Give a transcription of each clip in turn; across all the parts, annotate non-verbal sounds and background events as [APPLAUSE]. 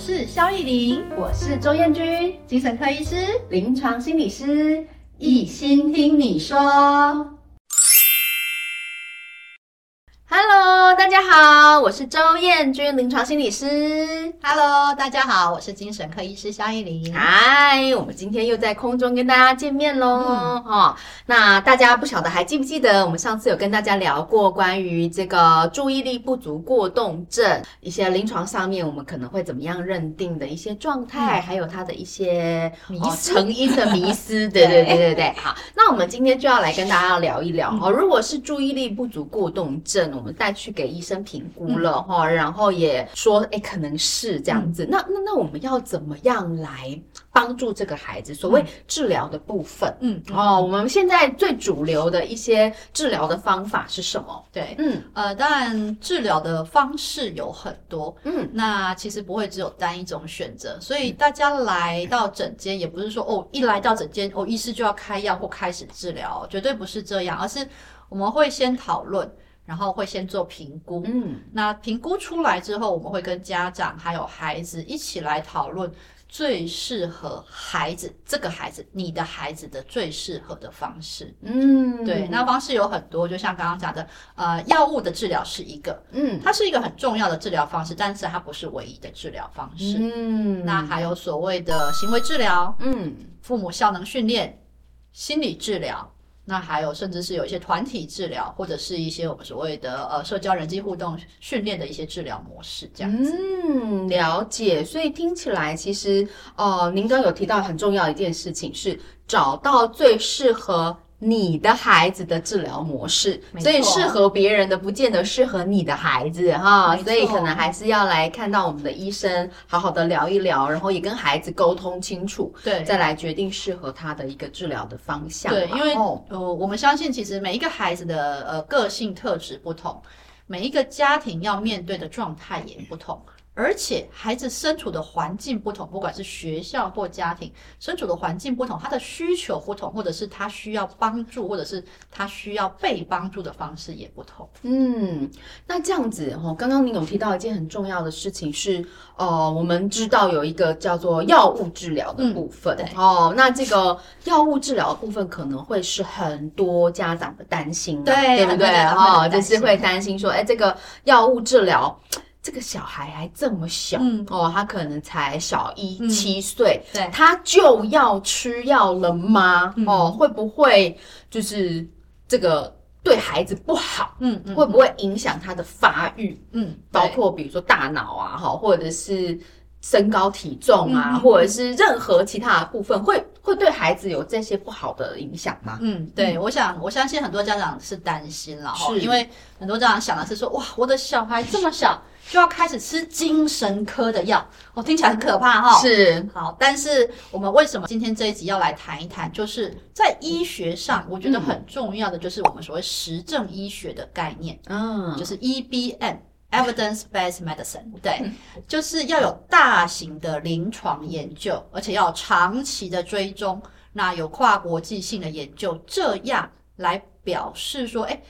我是蕭亦伶，我是周彥君，精神科醫師、臨床心理師，醫心聽你說。Hello，大家好。我是周彥君，臨床心理師。Hello，大家好，我是精神科醫師蕭亦伶。嗨，我們今天又在空中跟大家見面嘍。嗯、哦，那大家不曉得還記不記得，我們上次有跟大家聊過關於這個注意力不足過動症、嗯、一些臨床上面我們可能會怎麼樣認定的一些狀態，嗯、還有它的一些迷生、哦、成因的迷思。 [LAUGHS] 對對對對對。好，那我們今天就要來跟大家聊一聊、嗯、哦。如果是注意力不足過動症，我們再去給醫生評估。了哈，嗯、然後也說誒，可能是這樣子。嗯、那那那我們要怎麼樣來幫助這個孩子？所謂治療的部分，嗯，嗯哦，我們現在最主流的一些治療的方法是什麼？對，嗯呃，當然治療的方式有很多，嗯，那其實不會只有單一種選擇。所以大家來到診間，嗯、也不是說哦一來到診間哦，醫師就要開藥或開始治療，絕對不是這樣，而是我們會先討論。然後會先做評估，嗯，那評估出來之後，我們會跟家長還有孩子一起來討論最適合孩子，這個孩子、你的孩子的最適合的方式，嗯，對，那方式有很多，就像剛剛講的，呃，藥物的治療是一個，嗯，它是一個很重要的治療方式，但是它不是唯一的治療方式，嗯，那還有所謂的行為治療，嗯，父母效能訓練，心理治療。那還有，甚至是有一些團體治療，或者是一些我們所謂的呃社交人際互動訓練的一些治療模式，這樣子。嗯，了解。所以聽起來，其實呃，您剛有提到很重要一件事情是找到最適合你的孩子的治療模式，啊、所以適合別人的，不見得適合你的孩子哈沒錯、哦。所以可能還是要來看到我們的醫生，好好的聊一聊，然後也跟孩子溝通清楚，對，再來決定適合他的一個治療的方向。對，因為、哦、呃，我們相信其實每一個孩子的呃個性特質不同，每一個家庭要面對的狀態也不同。嗯而且孩子身處的環境不同，不管是學校或家庭，身處的環境不同，他的需求不同，或者是他需要幫助，或者是他需要被幫助的方式也不同。嗯，那這樣子哦，剛剛您有提到一件很重要的事情是，呃，我們知道有一個叫做藥物治療的部分、嗯、哦。那這個藥物治療的部分可能會是很多家長的擔心、啊，對，對不對？哦，就是會擔心說，哎、欸，這個藥物治療。這個小孩還這麼小哦，他可能才小一七歲，對，他就要吃藥了嗎？哦，會不會就是這個對孩子不好？嗯，會不會影響他的發育？嗯，包括比如說大腦啊，哈，或者是身高體重啊，或者是任何其他的部分，會會對孩子有這些不好的影響嗎？嗯，對，我想我相信很多家長是擔心了，因為很多家長想的是說，哇，我的小孩這麼小。就要開始吃精神科的藥，我、oh, [LAUGHS] 聽起來很可怕哈、哦。是，好，但是我們為什麼今天這一集要來談一談？就是在醫學上，我覺得很重要的就是我們所謂實證醫學的概念，嗯，就是 EBM（Evidence [LAUGHS] Based Medicine），對，就是要有大型的臨床研究，而且要長期的追蹤，那有跨國際性的研究，這樣來表示說，哎、欸，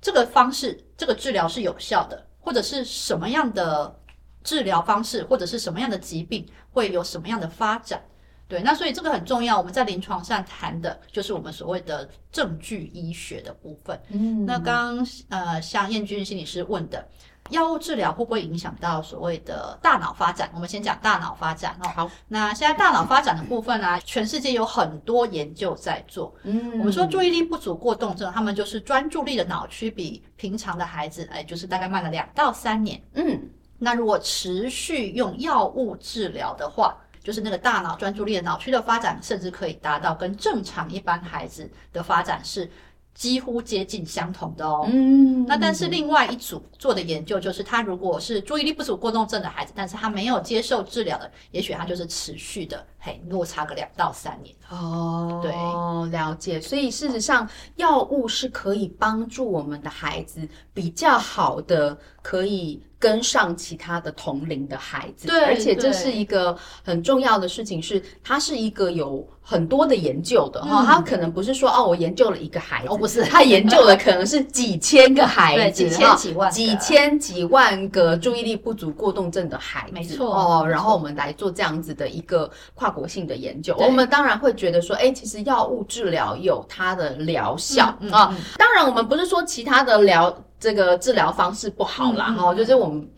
這個方式，這個治療是有效的。或者是什麼樣的治療方式，或者是什麼樣的疾病會有什麼樣的發展？對，那所以這個很重要。我們在臨床上談的就是我們所謂的證據醫學的部分。嗯，那剛剛，呃，像彥君心理師問的。藥物治療會不會影響到所謂的大腦發展？我們先講大腦發展哦。好，那現在大腦發展的部分呢，啊，全世界有很多研究在做。嗯，我們說注意力不足過動症，他們就是專注力的腦區比平常的孩子，哎、欸，就是大概慢了兩到三年。嗯，那如果持續用藥物治療的話，就是那個大腦專注力的腦區的發展，甚至可以達到跟正常一般孩子的發展是。幾乎接近相同的哦，嗯，那但是另外一組做的研究就是，他如果是注意力不足過動症的孩子，但是他沒有接受治療的，也許他就是持續的，嘿，落差個兩到三年哦，對，了解。所以事實上，藥物是可以幫助我們的孩子比較好的，可以跟上其他的同齡的孩子。對，而且這是一個很重要的事情是，是它是一個有。很多的研究的哦，他可能不是說哦，我研究了一個孩子，哦不是，他研究的可能是幾千個孩子，對，幾千幾萬幾千幾萬個注意力不足過動症的孩子，沒錯哦。然後我們來做這樣子的一個跨國性的研究，我們當然會覺得說，哎，其實藥物治療有它的療效啊。當然，我們不是說其他的療這個治療方式不好啦，哈，就是我們。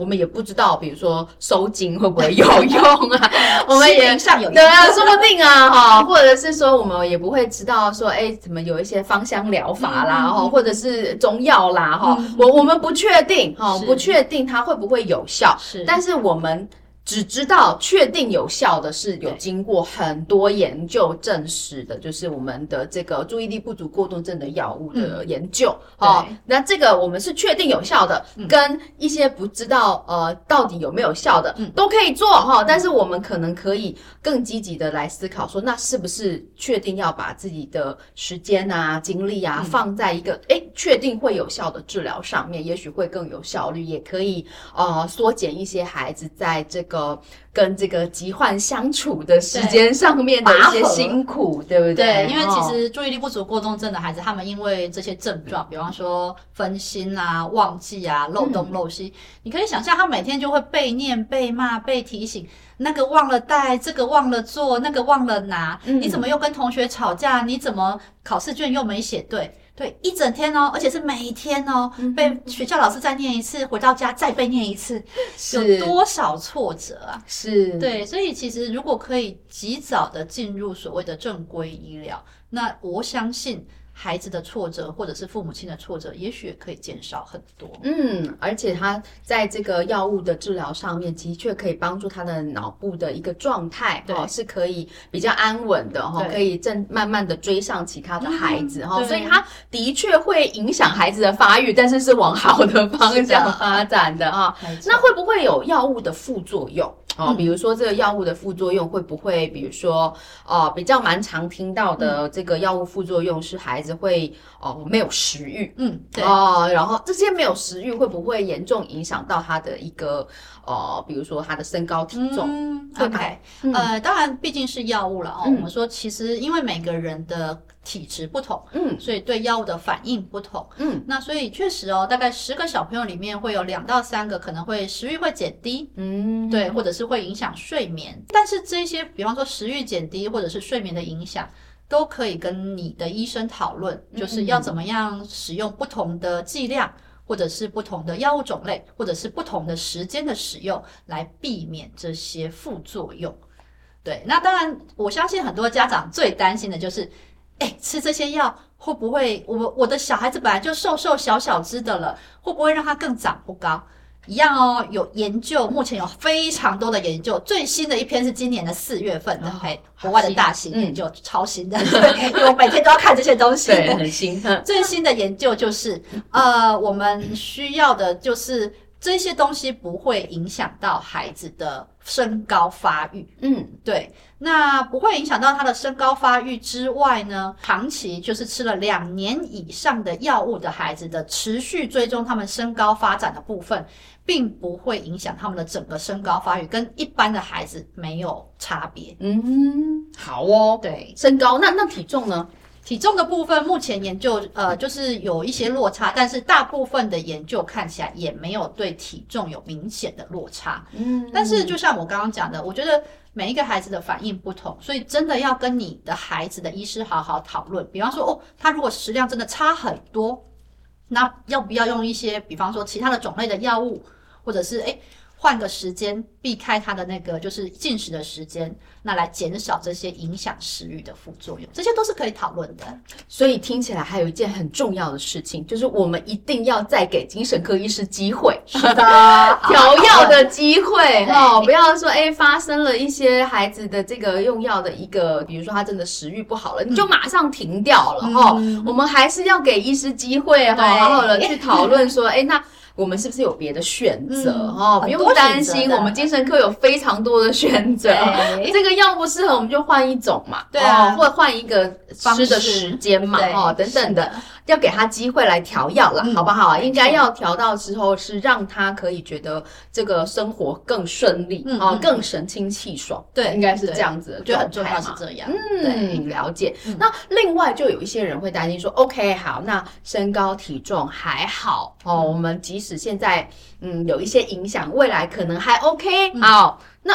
我們也不知道，比如說收驚會不會有用啊？ [LAUGHS] 我們也上， [LAUGHS] 對啊，說不定啊，哈，或者是說，我們也不會知道說，誒，怎麼有一些芳香療法啦，哈，或者是中藥啦，哈，我我們不確定，哈是、哦，不確定它會不會有效，是但是我們。只知道確定有效的是有經過很多研究證實的，就是我們的這個注意力不足過動症的藥物的研究哈。那這個我們是確定有效的，嗯、跟一些不知道呃到底有沒有效的、嗯、都可以做哈、哦。但是我們可能可以更積極的來思考說，那是不是確定要把自己的時間啊、精力啊放在一個哎、嗯、確定會有效的治療上面，也許會更有效率，也可以呃縮減一些孩子在這個。個跟這個疾患相處的時間上面的一些辛苦，對，對不對？對，因為其實注意力不足過動症的孩子，他們因為這些症狀，嗯、比方說分心啊、忘記啊、漏東漏西，嗯、你可以想象，他每天就會被念、被罵、被提醒，那個忘了帶，這個忘了做，那個忘了拿，嗯、你怎麼又跟同學吵架？你怎麼考試卷又沒寫對？對，一整天哦，而且是每一天哦，嗯、被學校老師再念一次，嗯、回到家再被念一次，是有多少挫折啊？是對，所以其實如果可以及早的進入所謂的正規醫療，那我相信。孩子的挫折，或者是父母親的挫折，也許也可以減少很多。嗯，而且他在這個藥物的治療上面，的確可以幫助他的腦部的一個狀態，哈對、哦，是可以比較安穩的，哈對，可以正慢慢的追上其他的孩子，哈對、哦，所以他的確會影響孩子的發育，但是是往好的方向發展的，哈。哦、巧那會不會有藥物的副作用？哦，比如說這個藥物的副作用會不會，嗯、比如說，哦、呃，比較蠻常聽到的這個藥物副作用是孩子會哦、呃、沒有食欲，嗯，對、呃、然後這些沒有食欲會不會嚴重影響到他的一個？哦，比如說他的身高體重，OK，呃，當然畢竟是藥物了，嗯，哦。我們說，其實因為每個人的體質不同，嗯，所以對藥物的反應不同，嗯，那所以確實哦，大概十個小朋友裡面會有兩到三個可能會食慾會減低，嗯，對，或者是會影響睡眠。嗯，但是這些，比方說食慾減低或者是睡眠的影響，都可以跟你的醫生討論，就是要怎麼樣使用不同的劑量。嗯嗯，嗯。或者是不同的藥物種類，或者是不同的時間的使用，來避免這些副作用。對，那當然，我相信很多家長最擔心的就是，誒，吃這些藥會不會，我，我的小孩子本來就瘦瘦小小只的了，會不會讓他更長不高？一樣哦，有研究，目前有非常多的研究，最新的一篇是今年的四月份的，嘿、okay，國外的大型研究，嗯、超新的，對，我每天都要看這些東西， [LAUGHS] 對，很新。最新的研究就是， [LAUGHS] 呃，我們需要的就是。這些東西不會影響到孩子的身高發育。嗯，對。那不會影響到他的身高發育之外呢，長期就是吃了兩年以上的藥物的孩子的持續追蹤，他們身高發展的部分，並不會影響他們的整個身高發育，跟一般的孩子沒有差別。嗯，好哦。對，身高，那，那體重呢？體重的部分，目前研究呃、就是有一些落差，但是大部分的研究看起來也沒有對體重有明顯的落差。嗯，但是就像我剛剛講的，我覺得每一個孩子的反應不同，所以真的要跟你的孩子的醫師好好討論。比方說，哦，他如果食量真的差很多，那要不要用一些比方說其他的種類的藥物，或者是誒……換個時間，避開他的那個就是進食的時間，那來減少這些影響食欲的副作用，這些都是可以討論的。所以聽起來還有一件很重要的事情，就是我們一定要再給精神科醫師機會， [LAUGHS] 是的，調藥 [LAUGHS] 的機會 [LAUGHS] 對哦，不要說誒、欸、發生了一些孩子的這個用藥的一個，比如說他真的食欲不好了，嗯、你就馬上停掉了哈。哦嗯、我們還是要給醫師機會哈，然後呢對去討論說哎、欸、那。我們是不是有別的選擇？哦，不用擔心，我們精神科有非常多的選擇。這個藥不適合，我們就換一種嘛，對，或換一個吃的時間嘛，哦，等等的，要給他機會來調藥啦，好不好？應該要調到之後是讓他可以覺得這個生活更順利哦，更神清氣爽。對，應該是這樣子，就很重要是這樣。嗯，對，了解。那另外，就有一些人會擔心說：“OK，好，那身高體重還好哦，我們即現在，嗯，有一些影響，未來可能還 OK，嗯。好，哦，那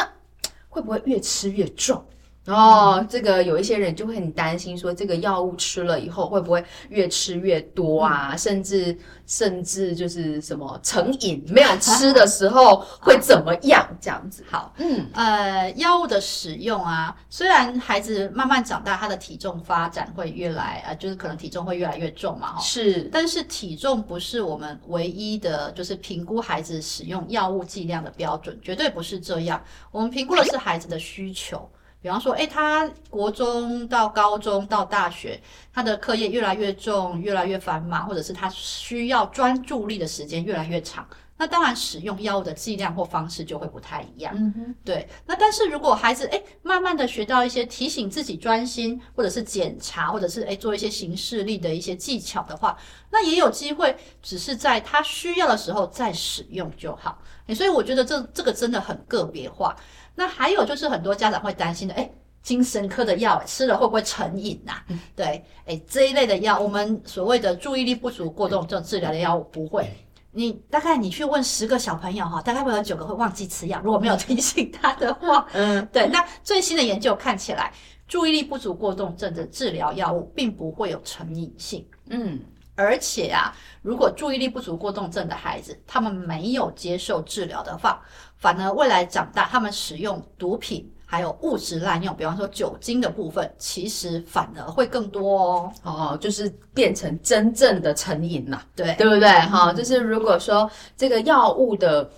會不會越吃越重？哦，嗯、這個有一些人就會很擔心，說這個藥物吃了以後會不會越吃越多啊？嗯、甚至甚至就是什麼成癮？沒有吃的時候會怎麼樣？嗯、這樣子？好，嗯，呃，藥物的使用啊，雖然孩子慢慢長大，他的體重發展會越來，啊、呃、就是可能體重會越來越重嘛、哦，哈，是，但是體重不是我們唯一的，就是評估孩子使用藥物劑量的標準，絕對不是這樣。我們評估的是孩子的需求。比方說，誒、欸，他國中到高中到大學，他的課業越來越重，越來越繁忙，或者是他需要專注力的時間越來越長，那當然使用藥物的劑量或方式就會不太一樣。嗯哼，對。那但是如果孩子誒、欸，慢慢的學到一些提醒自己專心，或者是檢查，或者是誒、欸，做一些行事力的一些技巧的話，那也有機會只是在他需要的時候再使用就好。欸，所以我覺得這這個真的很個別化。那還有就是很多家長會擔心的，誒，精神科的藥吃了會不會成癮吶、啊？嗯、對，誒，這一類的藥，我們所謂的注意力不足過動症治療的藥物不會。嗯、你大概你去問十個小朋友哈，大概會有九個會忘記吃藥，如果沒有提醒他的話。嗯，對。那最新的研究看起來，注意力不足過動症的治療藥物，並不會有成癮性。嗯。而且啊，如果注意力不足過動症的孩子，他們沒有接受治療的話，反而未來長大，他們使用毒品還有物質濫用，比方說酒精的部分，其實反而會更多哦。哦，就是變成真正的成癮了，對，嗯、對不對？哈、哦，就是如果說這個藥物的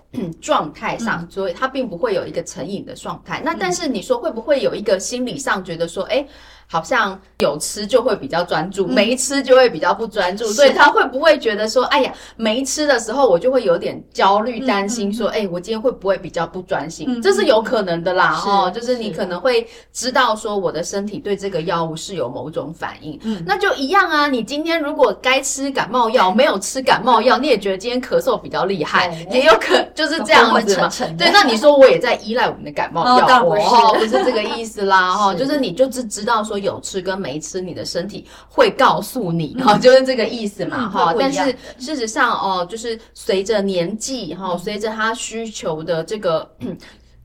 狀態上，所以它並不會有一個成癮的狀態。嗯、那但是你說會不會有一個心理上覺得說，哎？好像有吃就會比較專注，沒吃就會比較不專注，所以他會不會覺得說，哎呀，沒吃的時候我就會有點焦慮、擔心，說，哎，我今天會不會比較不專心？這是有可能的啦，哦，就是你可能會知道說，我的身體對這個藥物是有某種反應，那就一樣啊。你今天如果該吃感冒藥，沒有吃感冒藥，你也覺得今天咳嗽比較厲害，也有可就是這樣子嘛。對，那你說我也在依賴我們的感冒藥，哦，不是這個意思啦，哈，就是你就是知道說。有吃跟沒吃，你的身體會告訴你，哈、嗯哦，就是這個意思嘛，哈、嗯哦。但是、嗯、事實上，哦，就是隨着年紀，哈、哦，嗯、隨着他需求的這個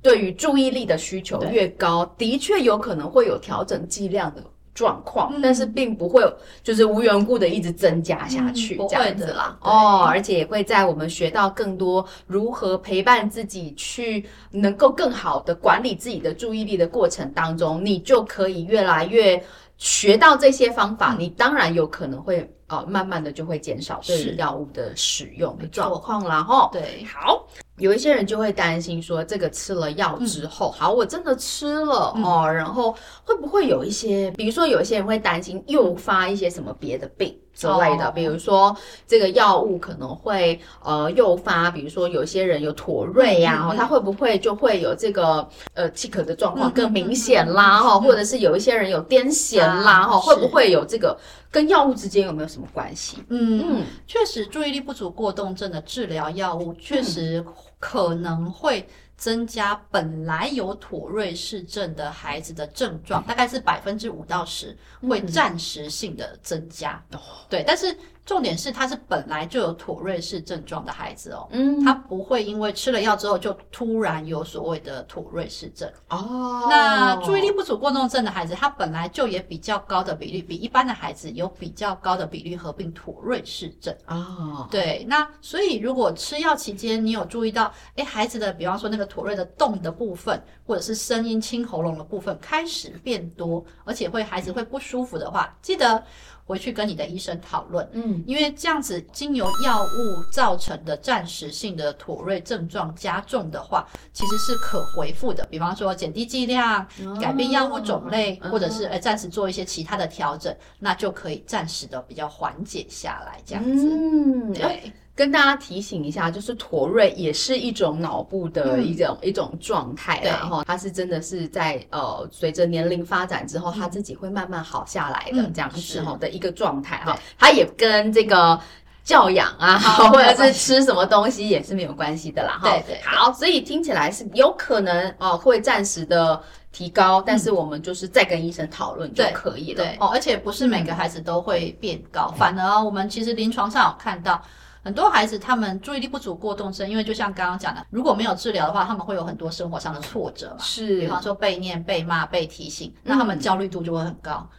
對於注意力的需求越高，對的確有可能會有調整劑量的。狀況，但是並不會就是無緣故的一直增加下去，嗯、這樣子啦，哦，嗯、而且也會在我們學到更多如何陪伴自己去能夠更好的管理自己的注意力的過程當中，嗯、你就可以越來越學到這些方法，嗯、你當然有可能會呃慢慢的就會減少對藥物的使用的是錯狀況啦哈。對，好。有一些人就會擔心說，這個吃了藥之後，嗯、好，我真的吃了、嗯、哦，然後會不會有一些，比如說，有一些人會擔心誘發一些什麼別的病。之類的，oh, 比如說這個藥物可能會呃誘發，比如說有些人有妥瑞呀、啊，他、嗯、會不會就會有這個呃氣咳的狀況更明顯啦哈，嗯嗯嗯嗯、或者是有一些人有癲癇啦哈，啊、會不會有這個是跟藥物之間有沒有什麼關係？嗯，嗯確實，注意力不足過動症的治療藥物確實、嗯、可能會。增加本來有妥瑞氏症的孩子的症狀，大概是百分之五到十，會暫時性的增加。嗯、對，但是。重點是，他是本來就有妥瑞氏症狀的孩子哦，嗯，他不會因為吃了藥之後就突然有所謂的妥瑞氏症哦。那注意力不足過動症的孩子，他本來就也比較高的比率，比一般的孩子有比較高的比率，合併妥瑞氏症哦。對，那所以如果吃藥期間你有注意到，誒孩子的比方說那個妥瑞的動的部分，或者是聲音清喉嚨的部分開始變多，而且會孩子會不舒服的話，嗯、記得。回去跟你的醫生討論，嗯，因為這樣子經由藥物造成的暫時性的妥瑞症狀加重的話，其實是可回復的。比方說，減低劑量、哦、改變藥物種類，嗯、或者是誒、呃、暫時做一些其他的調整，嗯、那就可以暫時的比較緩解下來，這樣子，嗯，對。跟大家提醒一下，就是妥瑞也是一種腦部的一種、嗯、一種狀態，然後對它是真的是在呃隨着年齡發展之後，他、嗯、自己會慢慢好下來的這樣子候、嗯、的一個狀態哈。它也跟這個教養啊，或者是吃什麼東西也是沒有關係的啦哈。 [LAUGHS] 對對，對。好，所以聽起來是有可能哦、呃，會暫時的提高，但是我們就是再跟醫生討論就可以了。對哦，而且不是每個孩子都會變高，嗯、反而我們其實臨牀上有看到。很多孩子他們注意力不足過動症，因為就像剛剛講的，如果沒有治療的話，他們會有很多生活上的挫折嘛，是，比方說被念、被罵、被提醒，那他們焦慮度就會很高，嗯，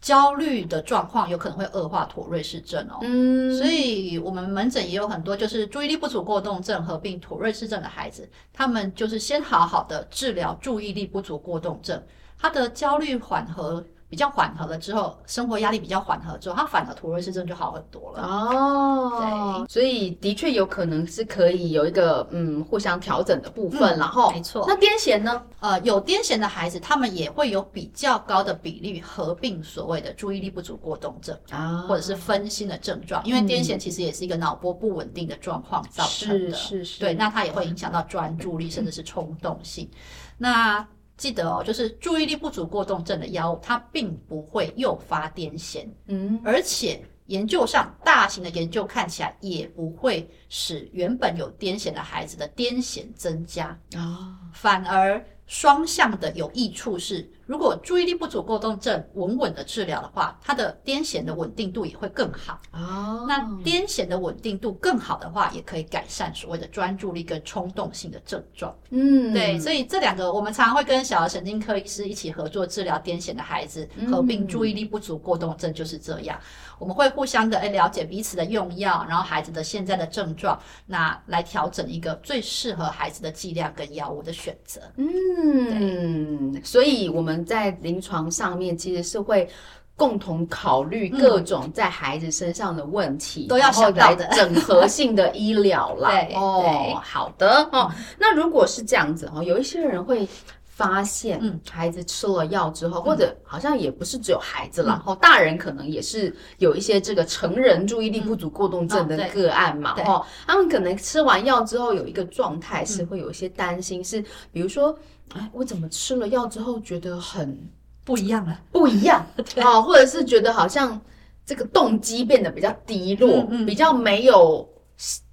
焦慮的狀況有可能會惡化妥瑞氏症哦，嗯，所以我們門診也有很多就是注意力不足過動症合併妥瑞氏症的孩子，他們就是先好好的治療注意力不足過動症，他的焦慮緩和。比較緩和了之後，生活壓力比較緩和之後，他反而妥瑞氏症就好很多了哦。對，所以的確有可能是可以有一個嗯互相調整的部分，嗯、然後沒錯錯。那癲癇呢？呃，有癲癇的孩子，他們也會有比較高的比例合併所謂的注意力不足過動症啊，哦、或者是分心的症狀，因為癲癇其實也是一個腦波不穩定的狀況造成的，是是、嗯、是。是是對，那它也會影響到專注力， [LAUGHS] 甚至是衝動性。那記得哦，就是注意力不足過動症的藥物，它並不會誘發癲癇，嗯，而且研究上大型的研究看起來也不會使原本有癲癇的孩子的癲癇增加啊，哦，反而。雙向的有益處是，如果注意力不足過動症穩穩的治療的話，它的癲癇的穩定度也會更好。哦，oh. 那癲癇的穩定度更好的話，也可以改善所謂的專注力跟衝動性的症狀。嗯，mm. 對，所以這兩個我們常常會跟小兒神經科醫師一起合作治療癲癇的孩子合併注意力不足過動症，就是這樣。我們會互相的欸了解彼此的用藥，然後孩子的現在的症狀，那來調整一個最適合孩子的劑量跟藥物的選擇。嗯，對嗯，所以我們在臨床上面其實是會共同考慮各種在孩子身上的問題，都要來整合性的醫療啦。要 [LAUGHS] 對哦，對好的哦。那如果是這樣子哦，有一些人會。發現，嗯，孩子吃了藥之後，嗯、或者好像也不是只有孩子啦，哈、嗯，大人可能也是有一些這個成人注意力不足過動症的個案嘛，哦、嗯，啊、他們可能吃完藥之後有一個狀態是會有一些擔心，嗯、是比如說，哎，我怎麼吃了藥之後覺得很不一樣了？不一樣，啊 [LAUGHS] 對，或者是覺得好像這個動機變得比較低落，嗯嗯、比較沒有，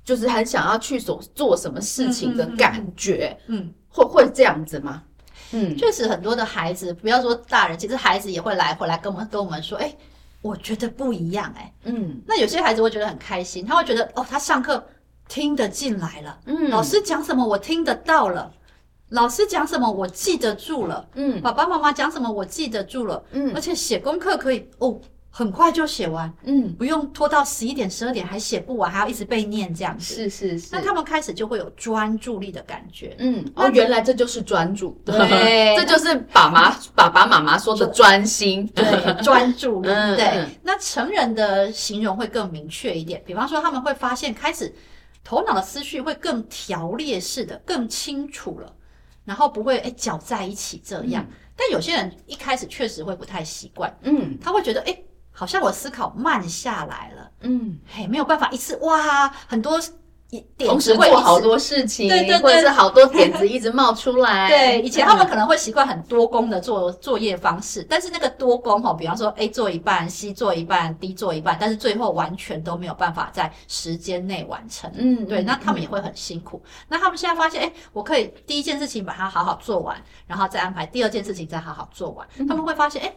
就是很想要去所做什麼事情的感覺，嗯，嗯嗯嗯會會這樣子嗎？嗯，確實很多的孩子，不要說大人，其實孩子也會來回來跟我們跟我們說，哎、欸，我覺得不一樣、欸，哎，嗯，那有些孩子會覺得很開心，他會覺得哦，他上課聽得進來了，嗯，老師講什麼我聽得到了，嗯、老師講什麼我記得住了，嗯，爸爸媽媽講什麼我記得住了，嗯，而且寫功課可以哦。很快就寫完，嗯，不用拖到十一點、十二點還寫不完，還要一直被念這樣子。是是是。那他們開始就會有專注力的感覺，嗯，哦，原來這就是專注，對，這就是爸媽爸爸媽媽說的專心，對，專注力。對。那成人的形容會更明確一點，比方說他們會發現開始頭腦的思緒會更條列式的、更清楚了，然後不會哎攪在一起這樣。但有些人一開始確實會不太習慣，嗯，他會覺得哎。好像我思考慢下來了，哇嗯，嘿，沒有辦法一次哇，很多點子會一直同時做好多事情，對對對，或者是好多點子一直冒出來， [LAUGHS] 對，以前他們可能會習慣很多工的做作業方式，但是那個多工吼，比方說 A 做一半，C 做一半，D 做一半，但是最後完全都沒有辦法在時間內完成，嗯，對，那他們也會很辛苦。嗯、那他們現在發現，哎、欸，我可以第一件事情把它好好做完，然後再安排第二件事情再好好做完，嗯、他們會發現，哎、欸。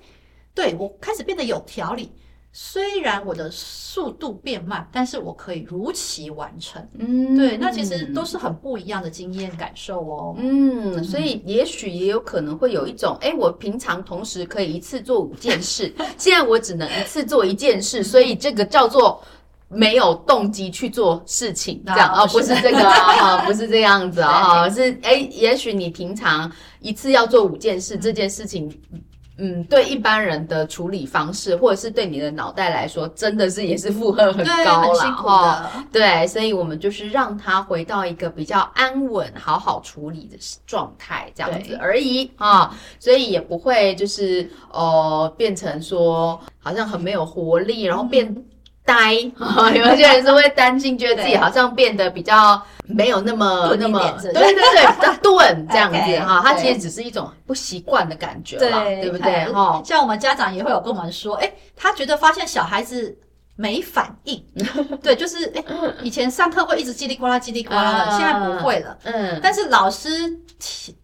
對，我開始變得有條理。雖然我的速度變慢，但是我可以如期完成。嗯，對，那其實都是很不一樣的經驗感受哦。嗯，所以也許也有可能會有一種，哎，我平常同時可以一次做五件事，現在我只能一次做一件事，所以這個叫做沒有動機去做事情，這樣啊？不是這個啊？不是這樣子啊？是，哎，也許你平常一次要做五件事，這件事情。嗯，對一般人的處理方式，或者是對你的腦袋來說，真的是也是負荷很高了，哈、嗯哦。對，所以我們就是讓它回到一個比較安穩、好好處理的狀態，這樣子而已啊對、哦。所以也不會就是呃變成說好像很沒有活力，然後變。嗯呆，哦、有一些人是會擔心，覺得自己好像變得比較沒有那麼對、那麼，對對對，比較鈍這樣子哈。他、哎哎哦、其實只是一種不習慣的感覺，對，對不對？哈、哎，哦、像我們家長也會有跟我們說，哎、欸，他覺得發現小孩子。沒反應， [LAUGHS] 對，就是，誒，以前上課會一直嘰里呱啦、嘰里呱啦的，現在不會了。嗯，uh, uh, 但是老師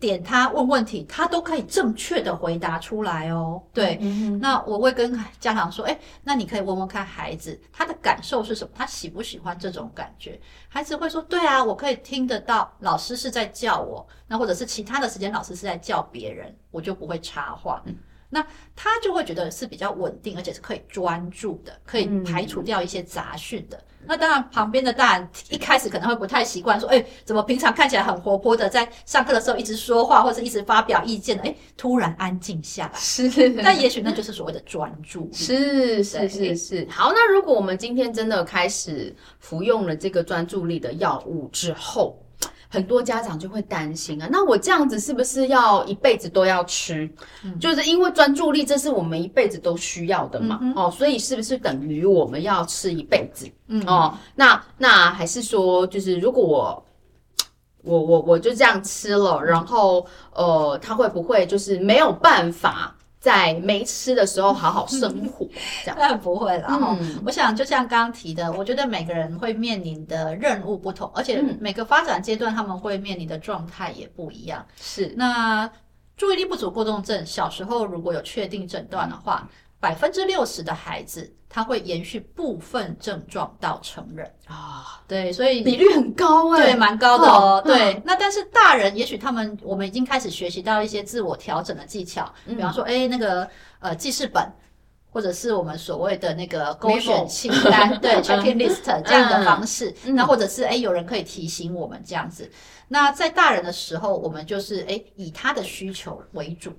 點他問問題，他都可以正確的回答出來哦。對，uh huh. 那我會跟家長說，哎，那你可以問問看孩子，他的感受是什麼？他喜不喜歡這種感覺？孩子會說，對啊，我可以聽得到老師是在叫我，那或者是其他的時間老師是在叫別人，我就不會插話。嗯。那他就會覺得是比較穩定，而且是可以專注的，可以排除掉一些雜訊的。嗯、那當然，旁邊的大人一開始可能會不太習慣，說：“哎、欸，怎麼平常看起來很活潑的，在上課的時候一直說話或者一直發表意見的，哎、欸，突然安靜下來。”是。那也許那就是所謂的專注。是，對，是。是是是是。好，那如果我們今天真的開始服用了這個專注力的藥物之後。很多家長就會擔心啊，那我這樣子是不是要一輩子都要吃？嗯，就是因為專注力，這是我們一輩子都需要的嘛。嗯哼。哦，所以是不是等於我們要吃一輩子？嗯哼。哦，那那還是說，就是如果我我我我就這樣吃了，然後呃，他會不會就是沒有辦法？在沒吃的時候好好生活，嗯、這樣當然 [LAUGHS] 不會啦。嗯、我想就像剛提的，我覺得每個人會面臨的任務不同，而且每個發展階段他們會面臨的狀態也不一樣。是，那注意力不足過動症小時候如果有確定診斷的話，百分之六十的孩子，他會延續部分症狀到成人啊，對，所以比率很高哎。對，蠻高的哦。哦對，嗯、那但是大人，也許他們我們已經開始學習到一些自我調整的技巧，嗯、比方說，哎，那個呃記事本，或者是我們所謂的那個勾選清單，有對，checklist 這樣的方式，那、嗯、或者是哎有人可以提醒我們這樣子。那在大人的時候，我們就是哎以他的需求為主。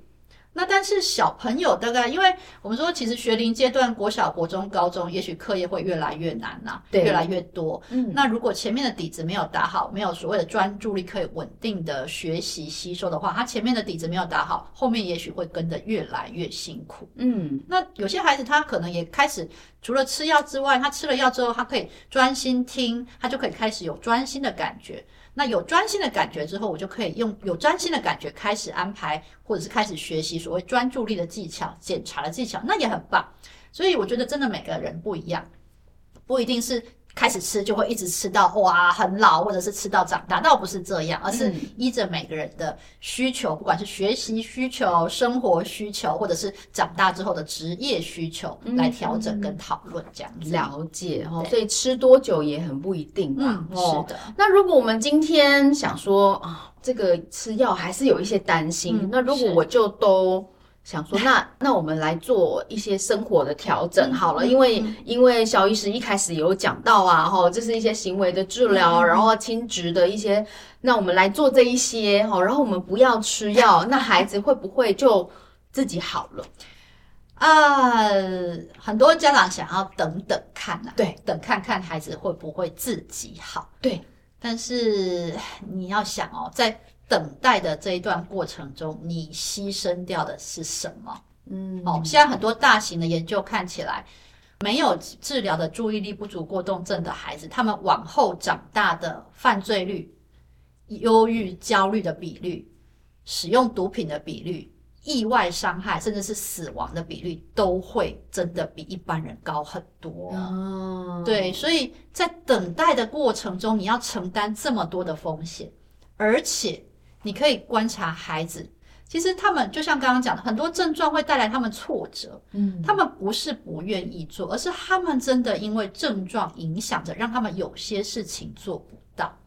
那但是小朋友大概，因為我們說其實學齡階段，國小、國中、高中，也許課業會越來越難吶、啊，對，越來越多。嗯，那如果前面的底子沒有打好，沒有所謂的專注力可以穩定的學習吸收的話，他前面的底子沒有打好，後面也許會跟得越來越辛苦。嗯，那有些孩子他可能也開始除了吃藥之外，他吃了藥之後，他可以專心聽，他就可以開始有專心的感覺。那有專心的感覺之後，我就可以用有專心的感覺開始安排，或者是開始學習所謂專注力的技巧、檢查的技巧，那也很棒。所以我覺得真的每個人不一樣，不一定是。開始吃就會一直吃到哇很老，或者是吃到長大，倒不是這樣，而是依着每個人的需求，嗯、不管是學習需求、生活需求，或者是長大之後的職業需求、嗯、來調整跟討論、嗯、這樣。了解對哦，所以吃多久也很不一定吧、啊。嗯、是的、哦。那如果我們今天想說啊，這個吃藥還是有一些擔心，嗯、那如果我就都。想說那那我們來做一些生活的調整好了，嗯、因為、嗯、因為蕭醫師一開始有講到啊齁，這是一些行為的治療，嗯、然後親職的一些，那我們來做這一些哈，然後我們不要吃藥，嗯、那孩子會不會就自己好了？啊、嗯呃，很多家長想要等等看啊，對，等看看孩子會不會自己好，對，對但是你要想哦，在。等待的這一段過程中，你犧牲掉的是什麼？嗯，好、哦，現在很多大型的研究看起來，沒有治療的注意力不足過動症的孩子，他們往後長大的犯罪率、憂鬱、焦慮的比率、使用毒品的比率、意外傷害，甚至是死亡的比率，都會真的比一般人高很多。哦、嗯，對，所以在等待的過程中，你要承擔這麼多的風險，而且。你可以觀察孩子，其實他們就像剛剛講的，很多症狀會帶來他們挫折。嗯，他們不是不願意做，而是他們真的因為症狀影響着，讓他們有些事情做不到。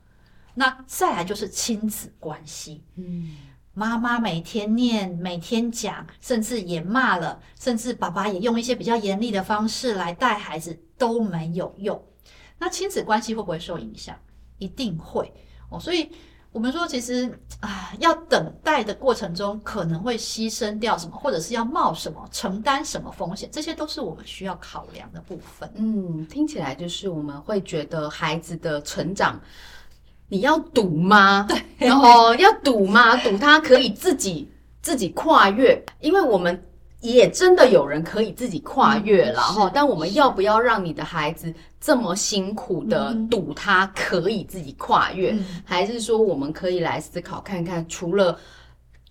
那再來就是親子關係。嗯，媽媽每天念、每天講，甚至也罵了，甚至爸爸也用一些比較嚴厲的方式來帶孩子，都沒有用。那親子關係會不會受影響？一定會哦，所以。我們說，其實啊，要等待的過程中，可能會犧牲掉什麼，或者是要冒什麼、承擔什麼風險，這些都是我們需要考量的部分。嗯，聽起來就是我們會覺得孩子的成長，你要賭嗎？對， [LAUGHS] 然後要賭嗎？ [LAUGHS] 賭他可以自己 [LAUGHS] 自己跨越，因為我們。也真的有人可以自己跨越了哈，嗯、但我們要不要讓你的孩子這麼辛苦的賭他可以自己跨越？嗯嗯、還是說我們可以來思考看看，除了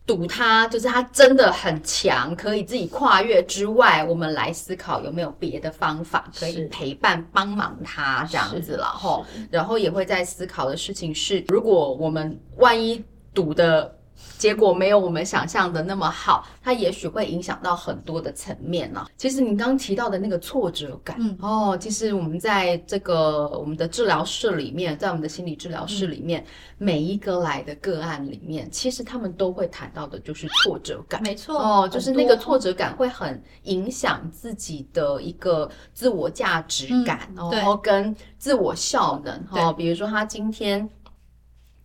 賭他就是他真的很強可以自己跨越之外，我們來思考有沒有別的方法可以陪伴、幫是忙他這樣子了哈？然後也會在思考的事情是，如果我們萬一賭的。結果沒有我們想象的那麼好，它也許會影響到很多的層面呢、啊。其實你剛剛提到的那個挫折感，嗯，哦，其實我們在這個我們的治療室裡面，在我們的心理治療室裡面，嗯、每一個來的個案裡面，其實他們都會談到的就是挫折感，沒錯，哦，就是那個挫折感會很影響自己的一個自我價值感，嗯、哦，對跟自我效能，對哦，比如說他今天，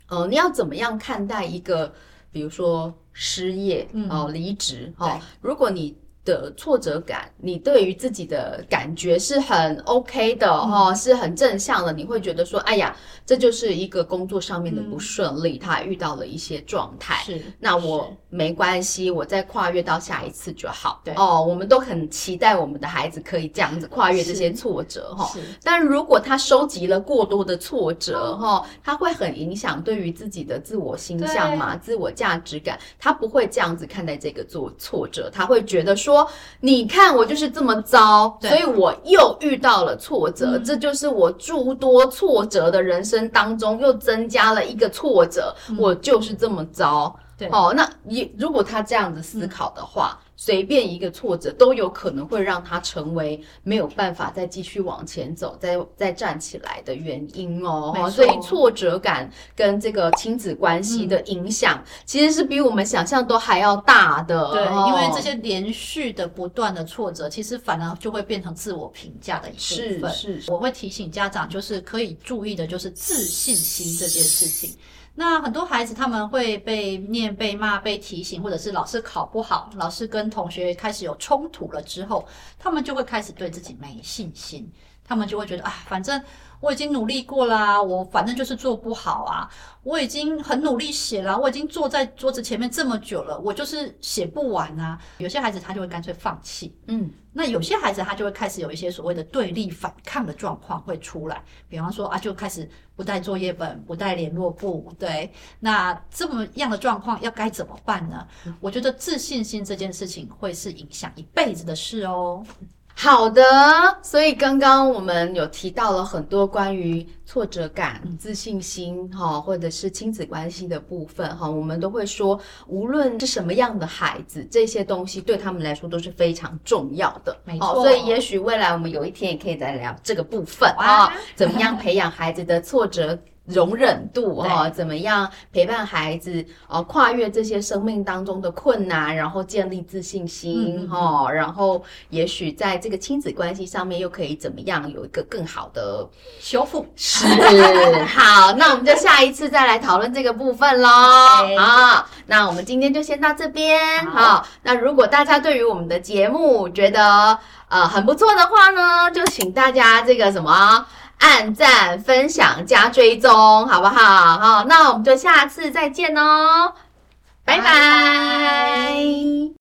哦、呃，你要怎麼樣看待一個？比如說失業、嗯、哦，離職哦，對如果你。的挫折感，你對於自己的感覺是很 OK 的、嗯、哦，是很正向的。你會覺得說，哎呀，這就是一個工作上面的不順利，嗯、他遇到了一些狀態。是，那我是沒關係，我再跨越到下一次就好。對，哦，我們都很期待我們的孩子可以這樣子跨越這些挫折，但如果他收集了過多的挫折哈、嗯哦，他會很影響對於自己的自我形象嘛、對自我價值感。他不會這樣子看待這個做挫折，他會覺得說。你看，我就是這麼糟，嗯、所以我又遇到了挫折，嗯、這就是我諸多挫折的人生當中又增加了一個挫折。嗯、我就是這麼糟，對哦，那你如果他這樣子思考的話。嗯嗯隨便一個挫折都有可能會讓他成為沒有辦法再繼續往前走，再再站起來的原因哦。沒錯哦。所以挫折感跟這個親子關係的影響，其實是比我們想象都還要大的。嗯、對，因為這些連續的不斷的挫折，其實反而就會變成自我評價的一部分。是是，是是。我會提醒家長，就是可以注意的，就是自信心這件事情。那很多孩子，他們會被念、被罵、被提醒，或者是老是考不好，老是跟同學開始有衝突了之後，他們就會開始對自己沒信心，他們就會覺得啊，反正。我已經努力過啦啊，我反正就是做不好啊！我已經很努力寫了，我已經坐在桌子前面這麼久了，我就是寫不完啊！有些孩子他就會乾脆放棄，嗯，那有些孩子他就會開始有一些所謂的對立反抗的狀況會出來，比方說啊，就開始不帶作業本，不帶聯絡簿，對，那這麼樣的狀況要該怎麼辦呢？我覺得自信心這件事情會是影響一輩子的事哦。好的，所以剛剛我們有提到了很多關於挫折感、自信心哈，或者是親子關係的部分哈，我們都會說，無論是什麼樣的孩子，這些東西對他們來說都是非常重要的。沒錯哦，所以也許未來我們有一天也可以再聊這個部分啊，哇怎麼樣培養孩子的挫折。容忍度哈，哦、對怎麼樣陪伴孩子，哦，跨越這些生命當中的困難，然後建立自信心哈、嗯哦，然後也許在這個親子關係上面又可以怎麼樣有一個更好的修復是。 [LAUGHS] 好，那我們就下一次再來討論這個部分嘍。對好，那我們今天就先到這邊。好、哦，那如果大家對於我們的節目覺得呃很不錯的話呢，就請大家這個什麼。按讚、分享、加追蹤，好不好？好，那我們就下次再見嘍、哦，拜拜。拜拜。